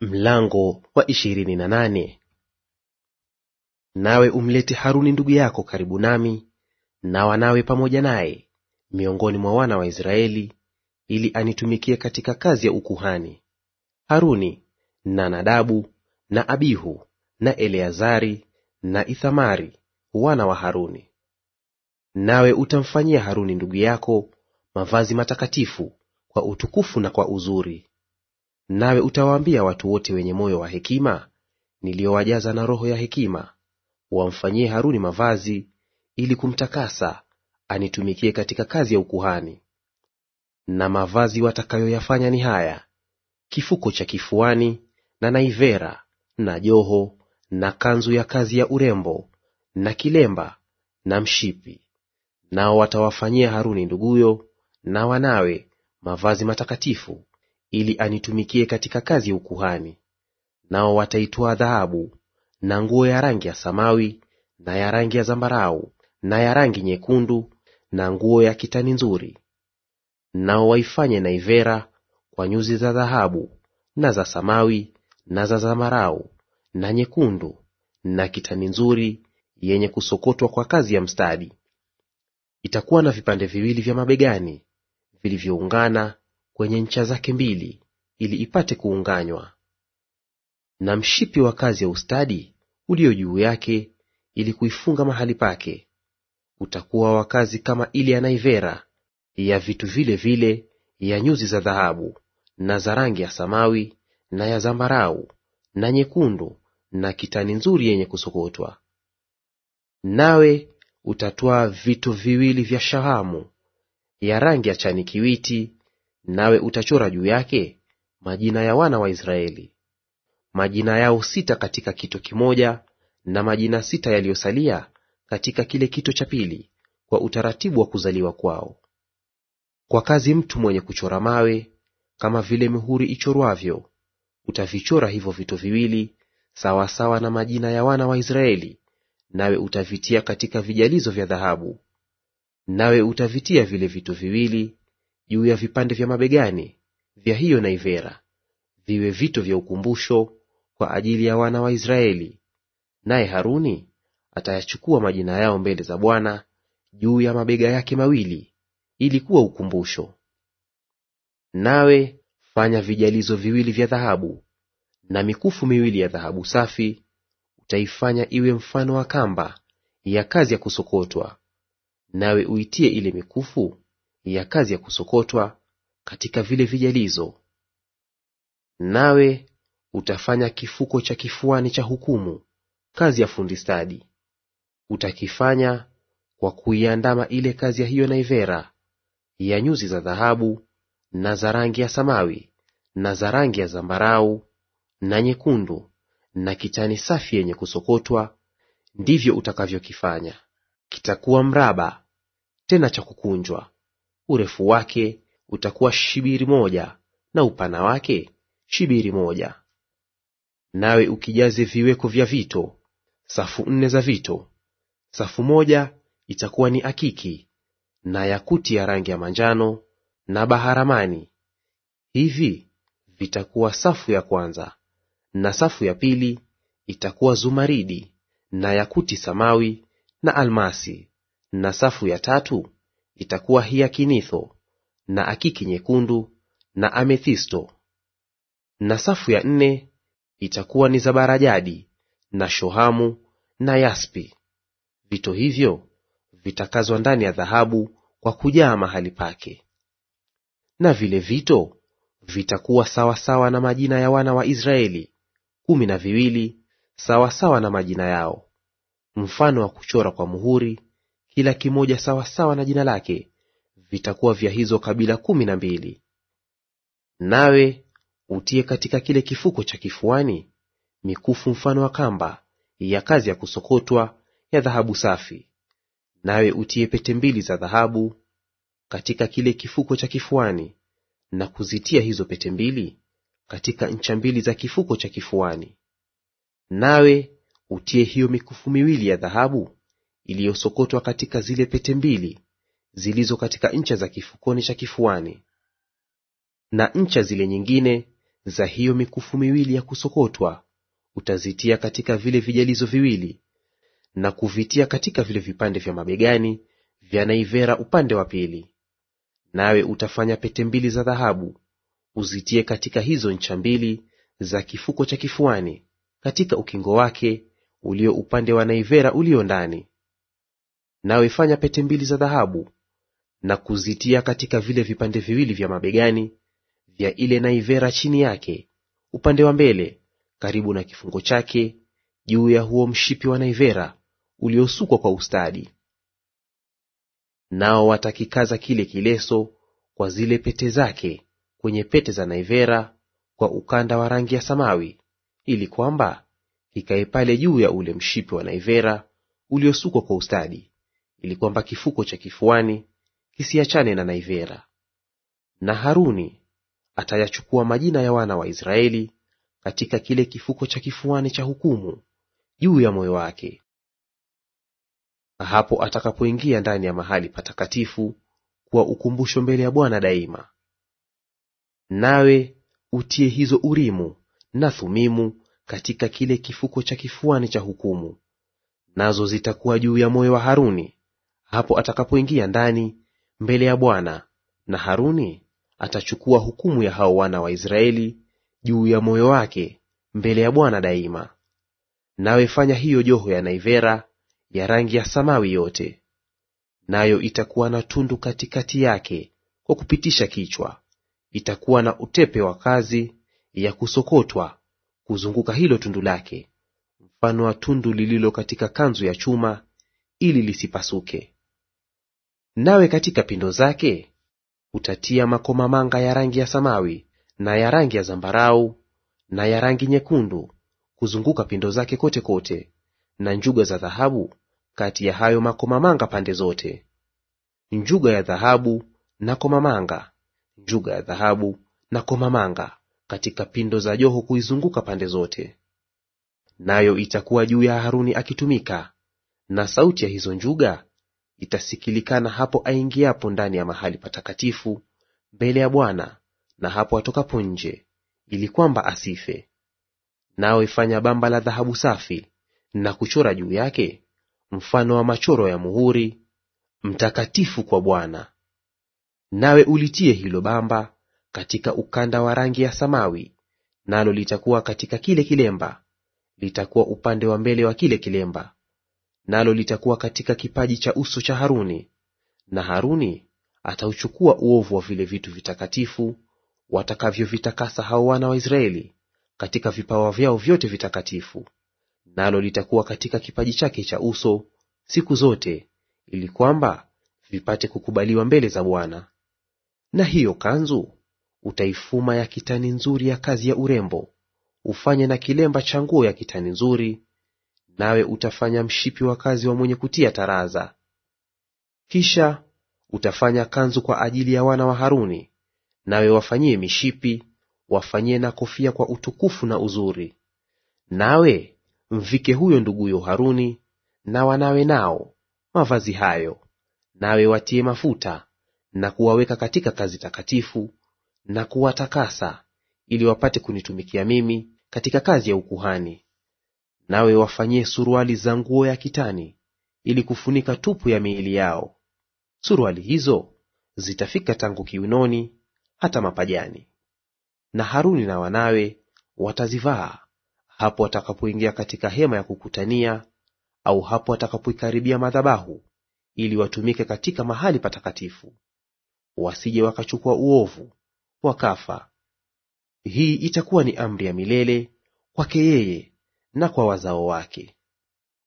Mlango wa ishirini na nane. Nawe umlete Haruni ndugu yako karibu nami na wanawe pamoja naye miongoni mwa wana wa Israeli, ili anitumikie katika kazi ya ukuhani. Haruni na Nadabu na Abihu na Eleazari na Ithamari wana wa Haruni. Nawe utamfanyia Haruni ndugu yako mavazi matakatifu kwa utukufu na kwa uzuri. Nawe utawaambia watu wote wenye moyo wa hekima niliyowajaza na roho ya hekima, wamfanyie Haruni mavazi ili kumtakasa, anitumikie katika kazi ya ukuhani. Na mavazi watakayoyafanya ni haya: kifuko cha kifuani na naivera na joho na kanzu ya kazi ya urembo na kilemba na mshipi. Nao watawafanyia Haruni nduguyo na wanawe mavazi matakatifu ili anitumikie katika kazi ya ukuhani. Nao wataitwaa dhahabu na nguo ya rangi ya samawi na ya rangi ya zambarau na ya rangi nyekundu na nguo ya kitani nzuri. Nao waifanye naivera kwa nyuzi za dhahabu na za samawi na za zambarau na nyekundu na kitani nzuri yenye kusokotwa kwa kazi ya mstadi. Itakuwa na vipande viwili vya mabegani vilivyoungana kwenye ncha zake mbili ili ipate kuunganywa, na mshipi wa kazi ya ustadi ulio juu yake ili kuifunga mahali pake. Utakuwa wa kazi kama ile ya naivera ya vitu vile vile, ya nyuzi za dhahabu na za rangi ya samawi na ya zambarau na nyekundu na kitani nzuri yenye kusokotwa. Nawe utatwaa vitu viwili vya shahamu ya rangi ya chani kiwiti nawe utachora juu yake majina ya wana wa Israeli, majina yao sita katika kito kimoja, na majina sita yaliyosalia katika kile kito cha pili, kwa utaratibu wa kuzaliwa kwao. Kwa kazi mtu mwenye kuchora mawe, kama vile mihuri ichorwavyo, utavichora hivyo vito viwili sawasawa sawa na majina ya wana wa Israeli, nawe utavitia katika vijalizo vya dhahabu. Nawe utavitia vile vito viwili juu ya vipande vya mabegani vya hiyo naivera viwe vito vya ukumbusho kwa ajili ya wana wa Israeli. Naye Haruni atayachukua majina yao mbele za Bwana juu ya mabega yake mawili ili kuwa ukumbusho. Nawe fanya vijalizo viwili vya dhahabu na mikufu miwili ya dhahabu safi, utaifanya iwe mfano wa kamba ya kazi ya kusokotwa, nawe uitie ile mikufu ya kazi ya kusokotwa katika vile vijalizo. Nawe utafanya kifuko cha kifuani cha hukumu, kazi ya fundi stadi. Utakifanya kwa kuiandama ile kazi ya hiyo naivera ya nyuzi za dhahabu na za rangi ya samawi na za rangi ya zambarau na nyekundu na kitani safi yenye kusokotwa; ndivyo utakavyokifanya. Kitakuwa mraba tena cha kukunjwa, urefu wake utakuwa shibiri moja na upana wake shibiri moja. Nawe ukijaze viweko vya vito safu nne za vito, safu moja itakuwa ni akiki na yakuti ya rangi ya manjano na baharamani; hivi vitakuwa safu ya kwanza. Na safu ya pili itakuwa zumaridi na yakuti samawi na almasi, na safu ya tatu itakuwa hiakinitho na akiki nyekundu na amethisto. Na safu ya nne itakuwa ni zabarajadi na shohamu na yaspi. Vito hivyo vitakazwa ndani ya dhahabu kwa kujaa mahali pake. Na vile vito vitakuwa sawasawa na majina ya wana wa Israeli kumi na viwili, sawasawa na majina yao, mfano wa kuchora kwa muhuri kila kimoja sawasawa na jina lake, vitakuwa vya hizo kabila kumi na mbili. Nawe utie katika kile kifuko cha kifuani mikufu mfano wa kamba ya kazi ya kusokotwa ya dhahabu safi. Nawe utie pete mbili za dhahabu katika kile kifuko cha kifuani, na kuzitia hizo pete mbili katika ncha mbili za kifuko cha kifuani. Nawe utie hiyo mikufu miwili ya dhahabu iliyosokotwa katika zile pete mbili zilizo katika ncha za kifukoni cha kifuani, na ncha zile nyingine za hiyo mikufu miwili ya kusokotwa utazitia katika vile vijalizo viwili na kuvitia katika vile vipande vya mabegani vya naivera upande wa pili. Nawe utafanya pete mbili za dhahabu uzitie katika hizo ncha mbili za kifuko cha kifuani katika ukingo wake ulio upande wa naivera ulio ndani nawe fanya pete mbili za dhahabu na kuzitia katika vile vipande viwili vya mabegani vya ile naivera chini yake, upande wa mbele karibu na kifungo chake, juu ya huo mshipi wa naivera uliosukwa kwa ustadi. Nao watakikaza kile kileso kwa zile pete zake kwenye pete za naivera kwa ukanda wa rangi ya samawi, ili kwamba kikae pale juu ya ule mshipi wa naivera uliosukwa kwa ustadi ili kwamba kifuko cha kifuani kisiachane na naivera. Na Haruni atayachukua majina ya wana wa Israeli katika kile kifuko cha kifuani cha hukumu juu ya moyo wake. Hapo atakapoingia ndani ya mahali patakatifu kuwa ukumbusho mbele ya Bwana daima. Nawe utie hizo Urimu na Thumimu katika kile kifuko cha kifuani cha hukumu, nazo zitakuwa juu ya moyo wa Haruni hapo atakapoingia ndani mbele ya Bwana. Na Haruni atachukua hukumu ya hao wana wa Israeli juu ya moyo wake mbele ya Bwana daima. Nawe fanya hiyo joho ya naivera ya rangi ya samawi yote, nayo itakuwa na tundu katikati yake kwa kupitisha kichwa. Itakuwa na utepe wa kazi ya kusokotwa kuzunguka hilo tundu lake, mfano wa tundu lililo katika kanzu ya chuma, ili lisipasuke nawe katika pindo zake utatia makomamanga ya rangi ya samawi na ya rangi ya zambarau na ya rangi nyekundu kuzunguka pindo zake kote kote, na njuga za dhahabu kati ya hayo makomamanga pande zote, njuga ya dhahabu na komamanga, njuga ya dhahabu na komamanga katika pindo za joho kuizunguka pande zote. Nayo itakuwa juu ya Haruni akitumika, na sauti ya hizo njuga itasikilikana hapo aingiapo ndani ya mahali patakatifu mbele ya Bwana na hapo atokapo nje, ili kwamba asife. Nawe fanya bamba la dhahabu safi na kuchora juu yake mfano wa machoro ya muhuri, mtakatifu kwa Bwana. Nawe ulitie hilo bamba katika ukanda wa rangi ya samawi, nalo litakuwa katika kile kilemba, litakuwa upande wa mbele wa kile kilemba nalo litakuwa katika kipaji cha uso cha Haruni, na Haruni atauchukua uovu wa vile vitu vitakatifu watakavyovitakasa hao wana wa Israeli katika vipawa vyao vyote vitakatifu, nalo litakuwa katika kipaji chake cha uso siku zote, ili kwamba vipate kukubaliwa mbele za Bwana. Na hiyo kanzu utaifuma ya kitani nzuri ya kazi ya urembo, ufanye na kilemba cha nguo ya kitani nzuri nawe utafanya mshipi wa kazi wa mwenye kutia taraza. Kisha utafanya kanzu kwa ajili ya wana wa Haruni, nawe wafanyie mishipi, wafanyie na kofia kwa utukufu na uzuri. Nawe mvike huyo nduguyo Haruni na wanawe nao mavazi hayo, nawe watie mafuta na kuwaweka katika kazi takatifu na kuwatakasa, ili wapate kunitumikia mimi katika kazi ya ukuhani nawe wafanyie suruali za nguo ya kitani ili kufunika tupu ya miili yao. Suruali hizo zitafika tangu kiunoni hata mapajani. Na Haruni na wanawe watazivaa hapo watakapoingia katika hema ya kukutania au hapo watakapoikaribia madhabahu, ili watumike katika mahali patakatifu, wasije wakachukua uovu wakafa. Hii itakuwa ni amri ya milele kwake yeye na kwa wazao wake